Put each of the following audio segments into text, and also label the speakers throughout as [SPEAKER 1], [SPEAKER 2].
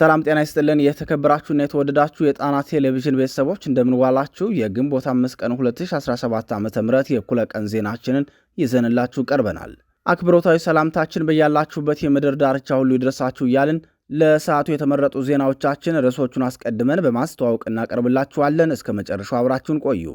[SPEAKER 1] ሰላም ጤና ይስጥልን የተከበራችሁና የተወደዳችሁ የጣና ቴሌቪዥን ቤተሰቦች እንደምንዋላችሁ። የግንቦት አምስት ቀን 2017 ዓ ም የእኩለ ቀን ዜናችንን ይዘንላችሁ ቀርበናል። አክብሮታዊ ሰላምታችን በያላችሁበት የምድር ዳርቻ ሁሉ ይድረሳችሁ እያልን ለሰዓቱ የተመረጡ ዜናዎቻችን ርዕሶቹን አስቀድመን በማስተዋወቅ እናቀርብላችኋለን። እስከ መጨረሻው አብራችሁን ቆዩ።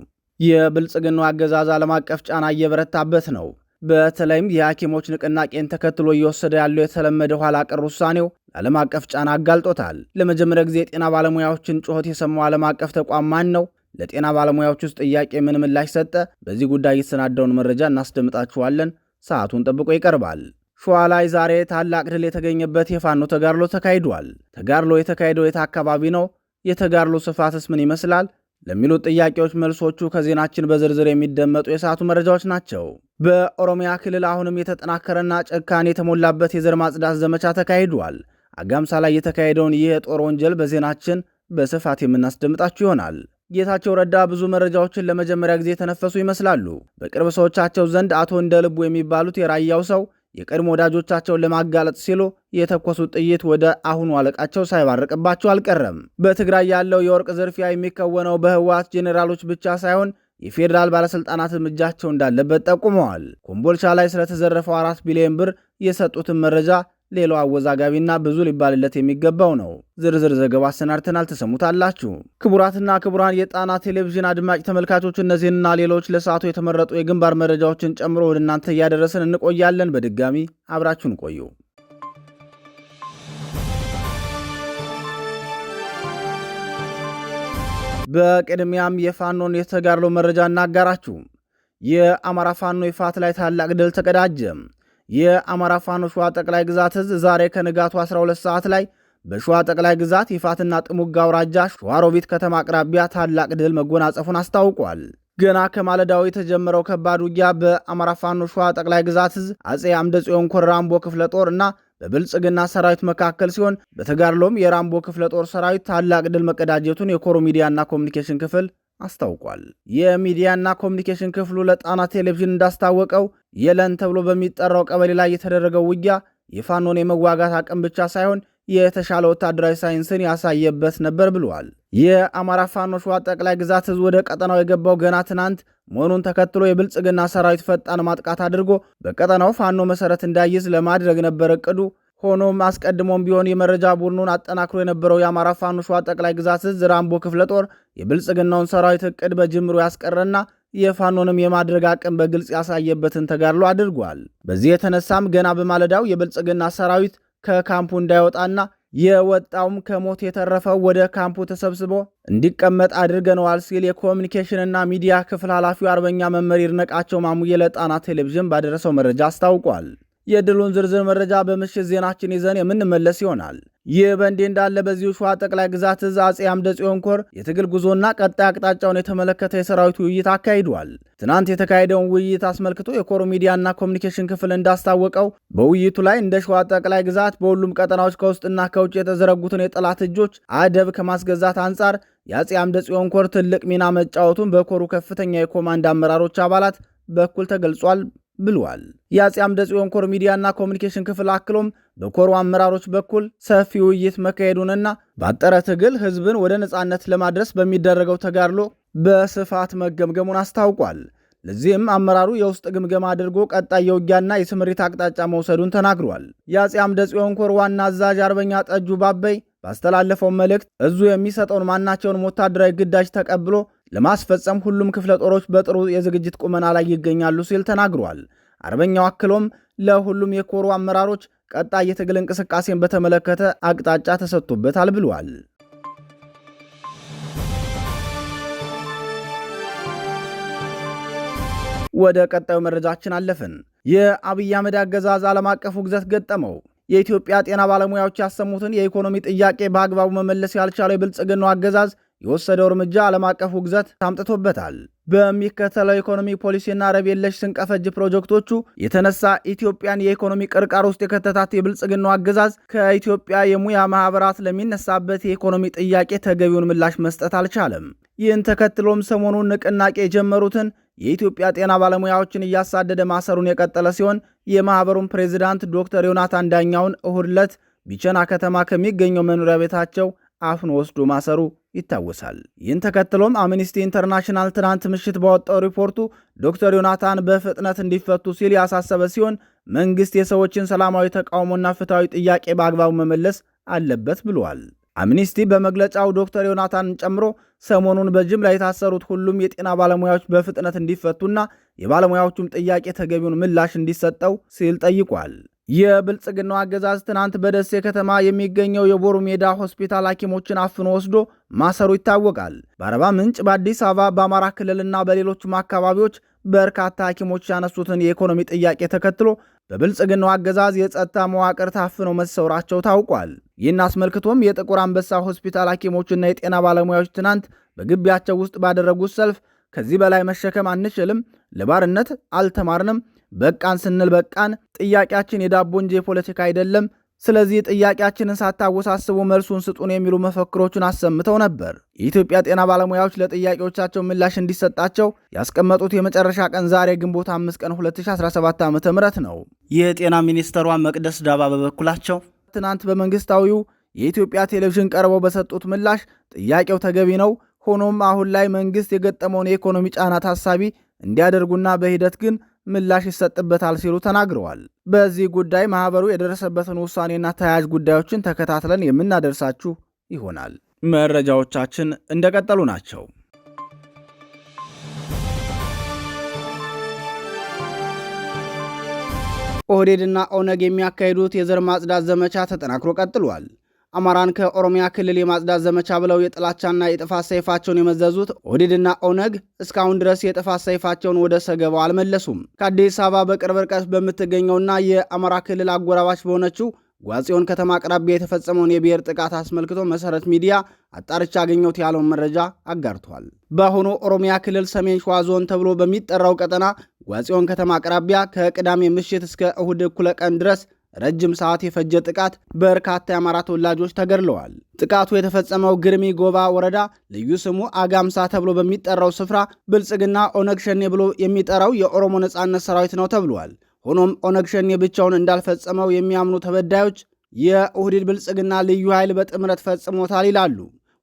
[SPEAKER 1] የብልጽግናው አገዛዝ ዓለም አቀፍ ጫና እየበረታበት ነው። በተለይም የሐኪሞች ንቅናቄን ተከትሎ እየወሰደ ያለው የተለመደ ኋላ ቀር ውሳኔው ለዓለም አቀፍ ጫና አጋልጦታል። ለመጀመሪያ ጊዜ የጤና ባለሙያዎችን ጩኸት የሰማው ዓለም አቀፍ ተቋም ማን ነው? ለጤና ባለሙያዎች ውስጥ ጥያቄ ምን ምላሽ ሰጠ? በዚህ ጉዳይ የተሰናዳውን መረጃ እናስደምጣችኋለን። ሰዓቱን ጠብቆ ይቀርባል። ሸዋ ላይ ዛሬ ታላቅ ድል የተገኘበት የፋኖ ተጋድሎ ተካሂዷል። ተጋድሎ የተካሄደው የት አካባቢ ነው? የተጋድሎ ስፋትስ ምን ይመስላል? ለሚሉት ጥያቄዎች መልሶቹ ከዜናችን በዝርዝር የሚደመጡ የሰዓቱ መረጃዎች ናቸው። በኦሮሚያ ክልል አሁንም የተጠናከረና ጭካኔ የተሞላበት የዘር ማጽዳት ዘመቻ ተካሂዷል። አጋምሳ ላይ የተካሄደውን ይህ የጦር ወንጀል በዜናችን በስፋት የምናስደምጣችሁ ይሆናል። ጌታቸው ረዳ ብዙ መረጃዎችን ለመጀመሪያ ጊዜ የተነፈሱ ይመስላሉ። በቅርብ ሰዎቻቸው ዘንድ አቶ እንደ ልቡ የሚባሉት የራያው ሰው የቀድሞ ወዳጆቻቸውን ለማጋለጥ ሲሉ የተኮሱት ጥይት ወደ አሁኑ አለቃቸው ሳይባርቅባቸው አልቀረም። በትግራይ ያለው የወርቅ ዝርፊያ የሚከወነው በህወሓት ጄኔራሎች ብቻ ሳይሆን የፌዴራል ባለሥልጣናት እጃቸው እንዳለበት ጠቁመዋል። ኮምቦልቻ ላይ ስለተዘረፈው አራት ቢሊዮን ብር የሰጡትን መረጃ ሌላው አወዛጋቢና ብዙ ሊባልለት የሚገባው ነው። ዝርዝር ዘገባ አሰናድተናል፣ ተሰሙታላችሁ። ክቡራትና ክቡራን የጣና ቴሌቪዥን አድማጭ ተመልካቾች፣ እነዚህንና ሌሎች ለሰዓቱ የተመረጡ የግንባር መረጃዎችን ጨምሮ ወደ እናንተ እያደረስን እንቆያለን። በድጋሚ አብራችሁን ቆዩ። በቅድሚያም የፋኖን የተጋድሎ መረጃ እናጋራችሁ። የአማራ ፋኖ ይፋት ላይ ታላቅ ድል ተቀዳጀ። የአማራ ፋኖ ሸዋ ጠቅላይ ግዛት እዝ ዛሬ ከንጋቱ 12 ሰዓት ላይ በሸዋ ጠቅላይ ግዛት ይፋትና ጥሙጋ አውራጃ ሸዋሮቢት ከተማ አቅራቢያ ታላቅ ድል መጎናጸፉን አስታውቋል። ገና ከማለዳው የተጀመረው ከባድ ውጊያ በአማራ ፋኖ ሸዋ ጠቅላይ ግዛት እዝ አጼ አምደጽዮን ኮር ራምቦ ክፍለ ጦር እና በብልጽግና ሰራዊት መካከል ሲሆን በተጋድሎም የራምቦ ክፍለ ጦር ሰራዊት ታላቅ ድል መቀዳጀቱን የኮሮ ሚዲያና ኮሚኒኬሽን ክፍል አስታውቋል። የሚዲያና ኮሚኒኬሽን ክፍሉ ለጣና ቴሌቪዥን እንዳስታወቀው የለን ተብሎ በሚጠራው ቀበሌ ላይ የተደረገው ውጊያ የፋኖን የመዋጋት አቅም ብቻ ሳይሆን የተሻለ ወታደራዊ ሳይንስን ያሳየበት ነበር ብለዋል። የአማራ ፋኖ ሸዋ ጠቅላይ ግዛት ህዝብ ወደ ቀጠናው የገባው ገና ትናንት መሆኑን ተከትሎ የብልጽግና ሰራዊት ፈጣን ማጥቃት አድርጎ በቀጠናው ፋኖ መሰረት እንዳይዝ ለማድረግ ነበር እቅዱ። ሆኖም አስቀድሞም ቢሆን የመረጃ ቡድኑን አጠናክሮ የነበረው የአማራ ፋኖ ሸዋ ጠቅላይ ግዛት ዕዝ ራምቦ ክፍለ ጦር የብልጽግናውን ሰራዊት እቅድ በጅምሩ ያስቀረና የፋኖንም የማድረግ አቅም በግልጽ ያሳየበትን ተጋድሎ አድርጓል። በዚህ የተነሳም ገና በማለዳው የብልጽግና ሰራዊት ከካምፑ እንዳይወጣና የወጣውም ከሞት የተረፈው ወደ ካምፑ ተሰብስቦ እንዲቀመጥ አድርገነዋል ሲል የኮሚኒኬሽንና ሚዲያ ክፍል ኃላፊው አርበኛ መመሪ ነቃቸው ማሙዬ ለጣና ቴሌቪዥን ባደረሰው መረጃ አስታውቋል። የድሉን ዝርዝር መረጃ በምሽት ዜናችን ይዘን የምንመለስ ይሆናል። ይህ በእንዲህ እንዳለ በዚሁ ሸዋ ጠቅላይ ግዛት እዝ አጼ አምደ ጽዮን ኮር የትግል ጉዞና ቀጣይ አቅጣጫውን የተመለከተ የሰራዊት ውይይት አካሂዷል። ትናንት የተካሄደውን ውይይት አስመልክቶ የኮሮ ሚዲያና ኮሚኒኬሽን ክፍል እንዳስታወቀው በውይይቱ ላይ እንደ ሸዋ ጠቅላይ ግዛት በሁሉም ቀጠናዎች ከውስጥና ከውጭ የተዘረጉትን የጠላት እጆች አደብ ከማስገዛት አንጻር የአጼ አምደ ጽዮን ኮር ትልቅ ሚና መጫወቱን በኮሩ ከፍተኛ የኮማንድ አመራሮች አባላት በኩል ተገልጿል። ብሏል። የአፄ አምደ ጽዮን ኮር ሚዲያና ኮሚኒኬሽን ክፍል አክሎም በኮሩ አመራሮች በኩል ሰፊ ውይይት መካሄዱንና ባጠረ ትግል ህዝብን ወደ ነፃነት ለማድረስ በሚደረገው ተጋድሎ በስፋት መገምገሙን አስታውቋል። ለዚህም አመራሩ የውስጥ ግምገማ አድርጎ ቀጣይ የውጊያና የስምሪት አቅጣጫ መውሰዱን ተናግሯል። የአጼ አምደ ጽዮን ኮር ዋና አዛዥ አርበኛ ጠጁ ባበይ ባስተላለፈው መልእክት እዙ የሚሰጠውን ማናቸውንም ወታደራዊ ግዳጅ ተቀብሎ ለማስፈጸም ሁሉም ክፍለ ጦሮች በጥሩ የዝግጅት ቁመና ላይ ይገኛሉ ሲል ተናግሯል። አርበኛው አክሎም ለሁሉም የኮሩ አመራሮች ቀጣይ የትግል እንቅስቃሴን በተመለከተ አቅጣጫ ተሰጥቶበታል ብሏል። ወደ ቀጣዩ መረጃችን አለፍን። የአብይ አህመድ አገዛዝ ዓለም አቀፉ ግዘት ገጠመው። የኢትዮጵያ ጤና ባለሙያዎች ያሰሙትን የኢኮኖሚ ጥያቄ በአግባቡ መመለስ ያልቻለው የብልጽግናው አገዛዝ የወሰደው እርምጃ ዓለም አቀፍ ውግዘት ታምጥቶበታል። በሚከተለው ኢኮኖሚ ፖሊሲና ረብ የለሽ ስንቀፈጅ ፕሮጀክቶቹ የተነሳ ኢትዮጵያን የኢኮኖሚ ቅርቃር ውስጥ የከተታት የብልጽግናው አገዛዝ ከኢትዮጵያ የሙያ ማህበራት ለሚነሳበት የኢኮኖሚ ጥያቄ ተገቢውን ምላሽ መስጠት አልቻለም። ይህን ተከትሎም ሰሞኑን ንቅናቄ የጀመሩትን የኢትዮጵያ ጤና ባለሙያዎችን እያሳደደ ማሰሩን የቀጠለ ሲሆን የማኅበሩን ፕሬዚዳንት ዶክተር ዮናታን ዳኛውን እሁድ ዕለት ቢቸና ከተማ ከሚገኘው መኖሪያ ቤታቸው አፍኖ ወስዶ ማሰሩ ይታወሳል። ይህን ተከትሎም አምኒስቲ ኢንተርናሽናል ትናንት ምሽት ባወጣው ሪፖርቱ ዶክተር ዮናታን በፍጥነት እንዲፈቱ ሲል ያሳሰበ ሲሆን መንግስት የሰዎችን ሰላማዊ ተቃውሞና ፍትሐዊ ጥያቄ በአግባቡ መመለስ አለበት ብሏል። አምኒስቲ በመግለጫው ዶክተር ዮናታንን ጨምሮ ሰሞኑን በጅምላ የታሰሩት ሁሉም የጤና ባለሙያዎች በፍጥነት እንዲፈቱና የባለሙያዎቹም ጥያቄ ተገቢውን ምላሽ እንዲሰጠው ሲል ጠይቋል። የብልጽግናው አገዛዝ ትናንት በደሴ ከተማ የሚገኘው የቦሩ ሜዳ ሆስፒታል ሐኪሞችን አፍኖ ወስዶ ማሰሩ ይታወቃል። በአርባ ምንጭ፣ በአዲስ አበባ፣ በአማራ ክልልና በሌሎችም አካባቢዎች በርካታ ሐኪሞች ያነሱትን የኢኮኖሚ ጥያቄ ተከትሎ በብልጽግናው አገዛዝ የጸጥታ መዋቅር ታፍኖ መሰውራቸው ታውቋል። ይህን አስመልክቶም የጥቁር አንበሳ ሆስፒታል ሐኪሞችና የጤና ባለሙያዎች ትናንት በግቢያቸው ውስጥ ባደረጉት ሰልፍ ከዚህ በላይ መሸከም አንችልም፣ ለባርነት አልተማርንም በቃን ስንል በቃን፣ ጥያቄያችን የዳቦ እንጂ የፖለቲካ አይደለም፣ ስለዚህ ጥያቄያችንን ሳታወሳስቡ መልሱን ስጡን የሚሉ መፈክሮቹን አሰምተው ነበር። የኢትዮጵያ ጤና ባለሙያዎች ለጥያቄዎቻቸው ምላሽ እንዲሰጣቸው ያስቀመጡት የመጨረሻ ቀን ዛሬ ግንቦት 5 ቀን 2017 ዓ ም ነው። የጤና ሚኒስትሯ መቅደስ ዳባ በበኩላቸው ትናንት በመንግስታዊው የኢትዮጵያ ቴሌቪዥን ቀርበው በሰጡት ምላሽ ጥያቄው ተገቢ ነው፣ ሆኖም አሁን ላይ መንግስት የገጠመውን የኢኮኖሚ ጫና ታሳቢ እንዲያደርጉና በሂደት ግን ምላሽ ይሰጥበታል ሲሉ ተናግረዋል። በዚህ ጉዳይ ማህበሩ የደረሰበትን ውሳኔና ተያያዥ ጉዳዮችን ተከታትለን የምናደርሳችሁ ይሆናል። መረጃዎቻችን እንደቀጠሉ ናቸው። ኦህዴድና ኦነግ የሚያካሂዱት የዘር ማጽዳት ዘመቻ ተጠናክሮ ቀጥሏል። አማራን ከኦሮሚያ ክልል የማጽዳት ዘመቻ ብለው የጥላቻና የጥፋት ሰይፋቸውን የመዘዙት ኦዲድና ኦነግ እስካሁን ድረስ የጥፋት ሰይፋቸውን ወደ ሰገባው አልመለሱም። ከአዲስ አበባ በቅርብ ርቀት በምትገኘውና የአማራ ክልል አጎራባች በሆነችው ጓጽዮን ከተማ አቅራቢያ የተፈጸመውን የብሔር ጥቃት አስመልክቶ መሰረት ሚዲያ አጣርቻ አገኘሁት ያለውን መረጃ አጋርቷል። በአሁኑ ኦሮሚያ ክልል ሰሜን ሸዋ ዞን ተብሎ በሚጠራው ቀጠና ጓጽዮን ከተማ አቅራቢያ ከቅዳሜ ምሽት እስከ እሁድ እኩለ ቀን ድረስ ረጅም ሰዓት የፈጀ ጥቃት በርካታ የአማራ ተወላጆች ተገድለዋል። ጥቃቱ የተፈጸመው ግርሚ ጎባ ወረዳ ልዩ ስሙ አጋምሳ ተብሎ በሚጠራው ስፍራ ብልጽግና ኦነግ ሸኔ ብሎ የሚጠራው የኦሮሞ ነጻነት ሰራዊት ነው ተብሏል። ሆኖም ኦነግ ሸኔ ብቻውን እንዳልፈጸመው የሚያምኑ ተበዳዮች የኦህዴድ ብልጽግና ልዩ ኃይል በጥምረት ፈጽሞታል ይላሉ።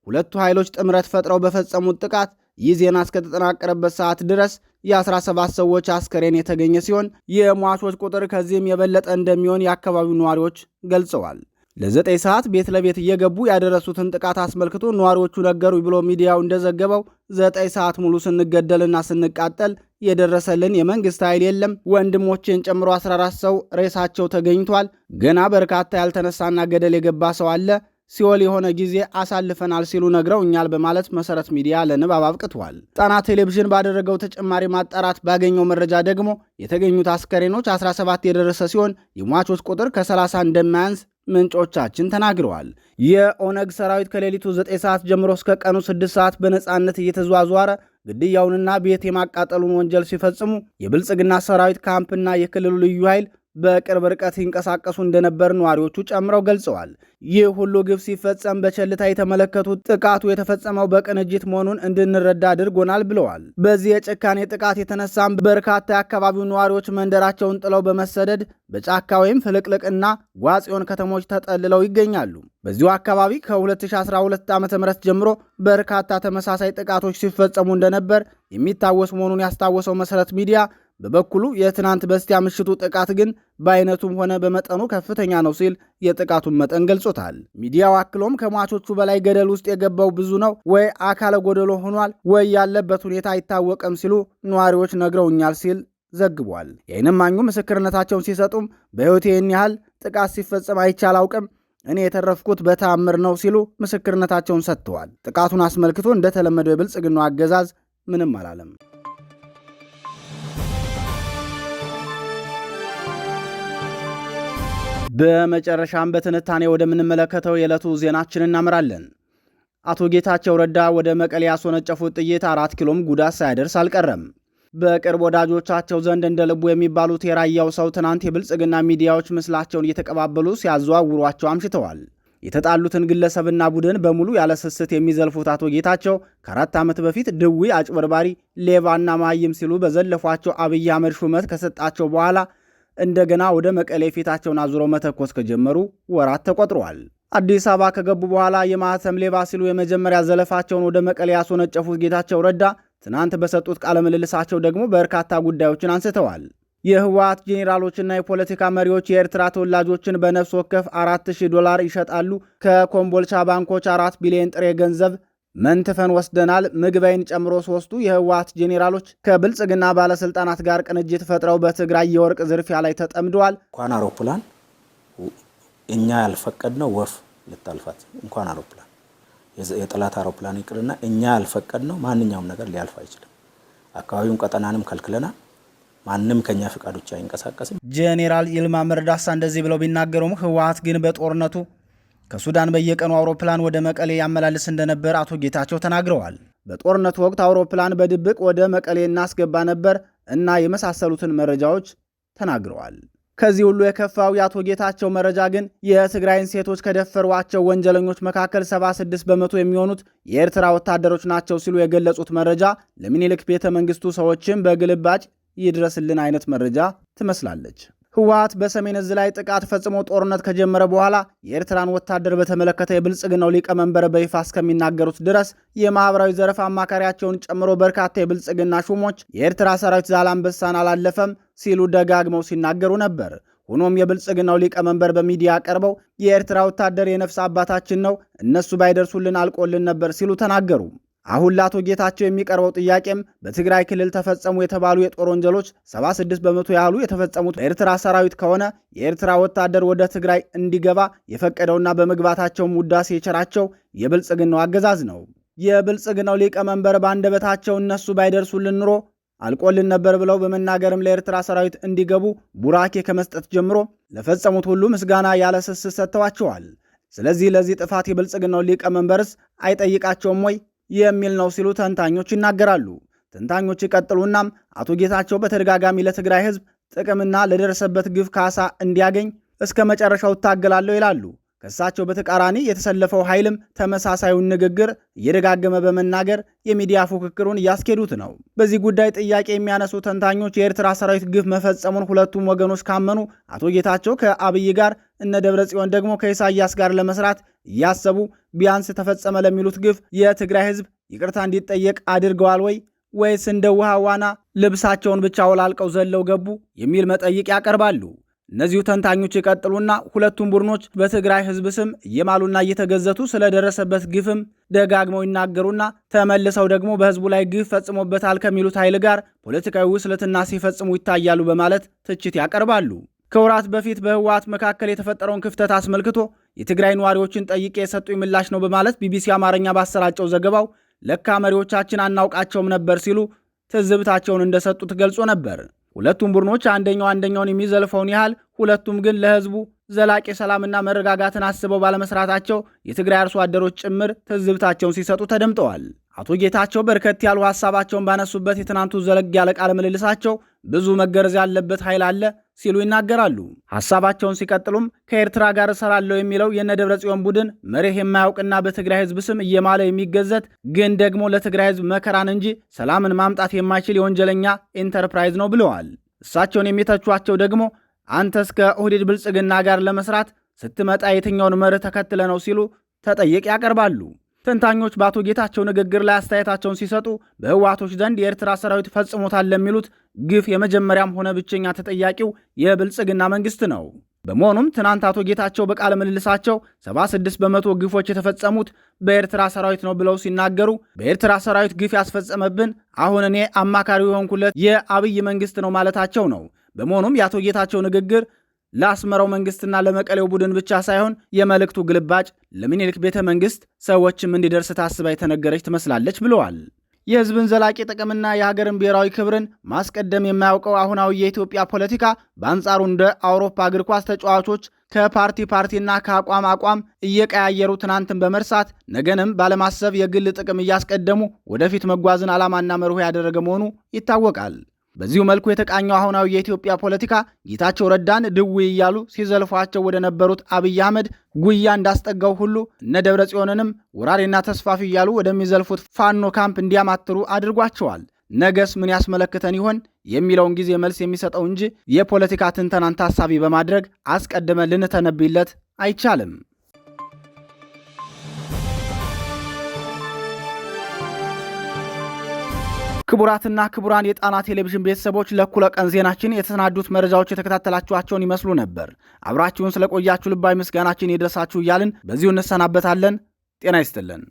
[SPEAKER 1] ሁለቱ ኃይሎች ጥምረት ፈጥረው በፈጸሙት ጥቃት ይህ ዜና እስከተጠናቀረበት ሰዓት ድረስ የ17 ሰዎች አስከሬን የተገኘ ሲሆን የሟቾች ቁጥር ከዚህም የበለጠ እንደሚሆን የአካባቢው ነዋሪዎች ገልጸዋል። ለዘጠኝ ሰዓት ቤት ለቤት እየገቡ ያደረሱትን ጥቃት አስመልክቶ ነዋሪዎቹ ነገሩ ብሎ ሚዲያው እንደዘገበው ዘጠኝ ሰዓት ሙሉ ስንገደልና ስንቃጠል የደረሰልን የመንግስት ኃይል የለም። ወንድሞቼን ጨምሮ 14 ሰው ሬሳቸው ተገኝቷል። ገና በርካታ ያልተነሳና ገደል የገባ ሰው አለ። ሲኦል የሆነ ጊዜ አሳልፈናል ሲሉ ነግረውኛል በማለት መሰረት ሚዲያ ለንባብ አብቅተዋል። ጣና ቴሌቪዥን ባደረገው ተጨማሪ ማጣራት ባገኘው መረጃ ደግሞ የተገኙት አስከሬኖች 17 የደረሰ ሲሆን የሟቾች ቁጥር ከ30 እንደማያንስ ምንጮቻችን ተናግረዋል። የኦነግ ሰራዊት ከሌሊቱ 9 ሰዓት ጀምሮ እስከ ቀኑ 6 ሰዓት በነፃነት እየተዟዟረ ግድያውንና ቤት የማቃጠሉን ወንጀል ሲፈጽሙ የብልጽግና ሰራዊት ካምፕና የክልሉ ልዩ ኃይል በቅርብ ርቀት ሲንቀሳቀሱ እንደነበር ነዋሪዎቹ ጨምረው ገልጸዋል። ይህ ሁሉ ግብ ሲፈጸም በቸልታ የተመለከቱት ጥቃቱ የተፈጸመው በቅንጅት መሆኑን እንድንረዳ አድርጎናል ብለዋል። በዚህ የጭካኔ ጥቃት የተነሳም በርካታ የአካባቢው ነዋሪዎች መንደራቸውን ጥለው በመሰደድ በጫካ ወይም ፍልቅልቅና ጓጽዮን ከተሞች ተጠልለው ይገኛሉ። በዚሁ አካባቢ ከ2012 ዓ ም ጀምሮ በርካታ ተመሳሳይ ጥቃቶች ሲፈጸሙ እንደነበር የሚታወስ መሆኑን ያስታወሰው መሰረት ሚዲያ በበኩሉ የትናንት በስቲያ ምሽቱ ጥቃት ግን በአይነቱም ሆነ በመጠኑ ከፍተኛ ነው ሲል የጥቃቱን መጠን ገልጾታል። ሚዲያው አክሎም ከሟቾቹ በላይ ገደል ውስጥ የገባው ብዙ ነው፣ ወይ አካለ ጎደሎ ሆኗል፣ ወይ ያለበት ሁኔታ አይታወቅም ሲሉ ነዋሪዎች ነግረውኛል ሲል ዘግቧል። የዓይን እማኙ ምስክርነታቸውን ሲሰጡም በሕይወቴ ይህን ያህል ጥቃት ሲፈጸም አይቼ አላውቅም እኔ የተረፍኩት በተአምር ነው ሲሉ ምስክርነታቸውን ሰጥተዋል። ጥቃቱን አስመልክቶ እንደተለመደው የብልጽግናው አገዛዝ ምንም አላለም። በመጨረሻም በትንታኔ ወደምንመለከተው የዕለቱ ዜናችን እናምራለን። አቶ ጌታቸው ረዳ ወደ መቀሌ ያስወነጨፉት ጥይት አራት ኪሎም ጉዳት ሳያደርስ አልቀረም። በቅርብ ወዳጆቻቸው ዘንድ እንደ ልቡ የሚባሉት የራያው ሰው ትናንት የብልጽግና ሚዲያዎች ምስላቸውን እየተቀባበሉ ሲያዘዋውሯቸው አምሽተዋል። የተጣሉትን ግለሰብና ቡድን በሙሉ ያለ ስስት የሚዘልፉት አቶ ጌታቸው ከአራት ዓመት በፊት ድዊ፣ አጭበርባሪ፣ ሌባና ማይም ሲሉ በዘለፏቸው አብይ አህመድ ሹመት ከሰጣቸው በኋላ እንደገና ወደ መቀሌ ፊታቸውን አዙረው መተኮስ ከጀመሩ ወራት ተቆጥረዋል። አዲስ አበባ ከገቡ በኋላ የማህተም ሌባ ሲሉ የመጀመሪያ ዘለፋቸውን ወደ መቀሌ ያስወነጨፉት ጌታቸው ረዳ ትናንት በሰጡት ቃለ ምልልሳቸው ደግሞ በርካታ ጉዳዮችን አንስተዋል። የህወሓት ጄኔራሎችና የፖለቲካ መሪዎች የኤርትራ ተወላጆችን በነፍስ ወከፍ 4000 ዶላር ይሸጣሉ፣ ከኮምቦልቻ ባንኮች 4 ቢሊዮን ጥሬ ገንዘብ መንትፈን ወስደናል። ምግበይን ጨምሮ ሶስቱ የህወሓት ጄኔራሎች ከብልጽግና ባለስልጣናት ጋር ቅንጅት ፈጥረው በትግራይ የወርቅ ዝርፊያ ላይ ተጠምደዋል።
[SPEAKER 2] እንኳን አውሮፕላን እኛ ያልፈቀድነው ወፍ ልታልፋት እንኳን አውሮፕላን የጠላት አውሮፕላን ይቅርና እኛ ያልፈቀድነው ማንኛውም ነገር ሊያልፍ አይችልም። አካባቢውን ቀጠናንም ከልክለናል። ማንም ከኛ ፍቃዶች አይንቀሳቀስም።
[SPEAKER 1] ጄኔራል ይልማ መርዳሳ እንደዚህ ብለው ቢናገሩም ህወሓት ግን በጦርነቱ ከሱዳን በየቀኑ አውሮፕላን ወደ መቀሌ ያመላልስ እንደነበር አቶ ጌታቸው ተናግረዋል። በጦርነቱ ወቅት አውሮፕላን በድብቅ ወደ መቀሌ እናስገባ ነበር እና የመሳሰሉትን መረጃዎች ተናግረዋል። ከዚህ ሁሉ የከፋው የአቶ ጌታቸው መረጃ ግን የትግራይን ሴቶች ከደፈሯቸው ወንጀለኞች መካከል 76 በመቶ የሚሆኑት የኤርትራ ወታደሮች ናቸው ሲሉ የገለጹት መረጃ ለሚኒልክ ቤተ መንግስቱ ሰዎችም በግልባጭ ይድረስልን አይነት መረጃ ትመስላለች። ህወሀት በሰሜን እዝ ላይ ጥቃት ፈጽሞ ጦርነት ከጀመረ በኋላ የኤርትራን ወታደር በተመለከተ የብልጽግናው ሊቀመንበር በይፋ እስከሚናገሩት ድረስ የማኅበራዊ ዘርፍ አማካሪያቸውን ጨምሮ በርካታ የብልጽግና ሹሞች የኤርትራ ሰራዊት ዛላንበሳን አላለፈም ሲሉ ደጋግመው ሲናገሩ ነበር። ሆኖም የብልጽግናው ሊቀመንበር በሚዲያ ቀርበው የኤርትራ ወታደር የነፍስ አባታችን ነው፣ እነሱ ባይደርሱልን አልቆልን ነበር ሲሉ ተናገሩ። አሁን ለአቶ ጌታቸው የሚቀርበው ጥያቄም በትግራይ ክልል ተፈጸሙ የተባሉ የጦር ወንጀሎች 76 በመቶ ያህሉ የተፈጸሙት በኤርትራ ሰራዊት ከሆነ የኤርትራ ወታደር ወደ ትግራይ እንዲገባ የፈቀደውና በመግባታቸውም ውዳሴ የቸራቸው የብልጽግናው አገዛዝ ነው። የብልጽግናው ሊቀመንበር በአንደበታቸው እነሱ ባይደርሱልን ኑሮ አልቆልን ነበር ብለው በመናገርም ለኤርትራ ሰራዊት እንዲገቡ ቡራኬ ከመስጠት ጀምሮ ለፈጸሙት ሁሉ ምስጋና ያለ ስስት ሰጥተዋቸዋል። ስለዚህ ለዚህ ጥፋት የብልጽግናው ሊቀመንበርስ አይጠይቃቸውም ወይ? የሚል ነው ሲሉ ተንታኞች ይናገራሉ። ተንታኞች ይቀጥሉና አቶ ጌታቸው በተደጋጋሚ ለትግራይ ህዝብ ጥቅምና ለደረሰበት ግፍ ካሳ እንዲያገኝ እስከ መጨረሻው እታገላለሁ ይላሉ። ከእሳቸው በተቃራኒ የተሰለፈው ኃይልም ተመሳሳዩን ንግግር እየደጋገመ በመናገር የሚዲያ ፉክክሩን እያስኬዱት ነው። በዚህ ጉዳይ ጥያቄ የሚያነሱ ተንታኞች የኤርትራ ሰራዊት ግፍ መፈጸሙን ሁለቱም ወገኖች ካመኑ አቶ ጌታቸው ከአብይ ጋር እነ ደብረ ጽዮን ደግሞ ከኢሳያስ ጋር ለመስራት እያሰቡ ቢያንስ ተፈጸመ ለሚሉት ግፍ የትግራይ ሕዝብ ይቅርታ እንዲጠየቅ አድርገዋል ወይ ወይስ እንደ ውሃ ዋና ልብሳቸውን ብቻ ወላልቀው ዘለው ገቡ የሚል መጠይቅ ያቀርባሉ። እነዚሁ ተንታኞች ይቀጥሉና ሁለቱም ቡድኖች በትግራይ ህዝብ ስም እየማሉና እየተገዘቱ ስለደረሰበት ግፍም ደጋግመው ይናገሩና ተመልሰው ደግሞ በህዝቡ ላይ ግፍ ፈጽሞበታል ከሚሉት ኃይል ጋር ፖለቲካዊ ውስልትና ሲፈጽሙ ይታያሉ በማለት ትችት ያቀርባሉ። ከወራት በፊት በህወሓት መካከል የተፈጠረውን ክፍተት አስመልክቶ የትግራይ ነዋሪዎችን ጠይቄ የሰጡኝ ምላሽ ነው በማለት ቢቢሲ አማርኛ ባሰራጨው ዘገባው ለካ መሪዎቻችን አናውቃቸውም ነበር ሲሉ ትዝብታቸውን እንደሰጡት ገልጾ ነበር። ሁለቱም ቡድኖች አንደኛው አንደኛውን የሚዘልፈውን ያህል ሁለቱም ግን ለህዝቡ ዘላቂ ሰላምና መረጋጋትን አስበው ባለመስራታቸው የትግራይ አርሶ አደሮች ጭምር ትዝብታቸውን ሲሰጡ ተደምጠዋል። አቶ ጌታቸው በርከት ያሉ ሀሳባቸውን ባነሱበት የትናንቱ ዘለግ ያለ ቃለ ምልልሳቸው ብዙ መገረዝ ያለበት ኃይል አለ ሲሉ ይናገራሉ። ሀሳባቸውን ሲቀጥሉም ከኤርትራ ጋር እሰራለሁ የሚለው የነ ጽዮን ቡድን መርህ የማያውቅና በትግራይ ህዝብ ስም እየማለ የሚገዘት ግን ደግሞ ለትግራይ ህዝብ መከራን እንጂ ሰላምን ማምጣት የማይችል የወንጀለኛ ኢንተርፕራይዝ ነው ብለዋል። እሳቸውን የሚተቿቸው ደግሞ አንተ እስከ ኦህዴድ ብልጽግና ጋር ለመስራት ስትመጣ የትኛውን መርህ ተከትለ ነው ሲሉ ተጠይቅ ያቀርባሉ። ተንታኞች በአቶ ጌታቸው ንግግር ላይ አስተያየታቸውን ሲሰጡ በህወሓቶች ዘንድ የኤርትራ ሰራዊት ፈጽሞታል ለሚሉት ግፍ የመጀመሪያም ሆነ ብቸኛ ተጠያቂው የብልጽግና መንግስት ነው። በመሆኑም ትናንት አቶ ጌታቸው በቃለ ምልልሳቸው 76 በመቶ ግፎች የተፈጸሙት በኤርትራ ሰራዊት ነው ብለው ሲናገሩ በኤርትራ ሰራዊት ግፍ ያስፈጸመብን አሁን እኔ አማካሪ የሆንኩለት የአብይ መንግስት ነው ማለታቸው ነው። በመሆኑም የአቶ ጌታቸው ንግግር ለአስመራው መንግስትና ለመቀሌው ቡድን ብቻ ሳይሆን የመልእክቱ ግልባጭ ለሚኒልክ ቤተ መንግስት ሰዎችም እንዲደርስ ታስባ የተነገረች ትመስላለች ብለዋል። የህዝብን ዘላቂ ጥቅምና የሀገርን ብሔራዊ ክብርን ማስቀደም የማያውቀው አሁናዊ የኢትዮጵያ ፖለቲካ በአንጻሩ እንደ አውሮፓ እግር ኳስ ተጫዋቾች ከፓርቲ ፓርቲና ከአቋም አቋም እየቀያየሩ ትናንትን በመርሳት ነገንም ባለማሰብ የግል ጥቅም እያስቀደሙ ወደፊት መጓዝን ዓላማና መርሆ ያደረገ መሆኑ ይታወቃል። በዚሁ መልኩ የተቃኘው አሁናዊ የኢትዮጵያ ፖለቲካ ጌታቸው ረዳን ድዊ እያሉ ሲዘልፏቸው ወደ ነበሩት አብይ አህመድ ጉያ እንዳስጠጋው ሁሉ እነ ደብረ ጽዮንንም ወራሪና ተስፋፊ እያሉ ወደሚዘልፉት ፋኖ ካምፕ እንዲያማትሩ አድርጓቸዋል። ነገስ ምን ያስመለክተን ይሆን የሚለውን ጊዜ መልስ የሚሰጠው እንጂ የፖለቲካ ትንተናን ታሳቢ በማድረግ አስቀድመን ልንተነብይለት አይቻልም። ክቡራትና ክቡራን የጣና ቴሌቪዥን ቤተሰቦች ለእኩለ ቀን ዜናችን የተሰናዱት መረጃዎች የተከታተላችኋቸውን ይመስሉ ነበር። አብራችሁን ስለቆያችሁ ልባዊ ምስጋናችን ይድረሳችሁ እያልን በዚሁ እንሰናበታለን። ጤና ይስጥልን።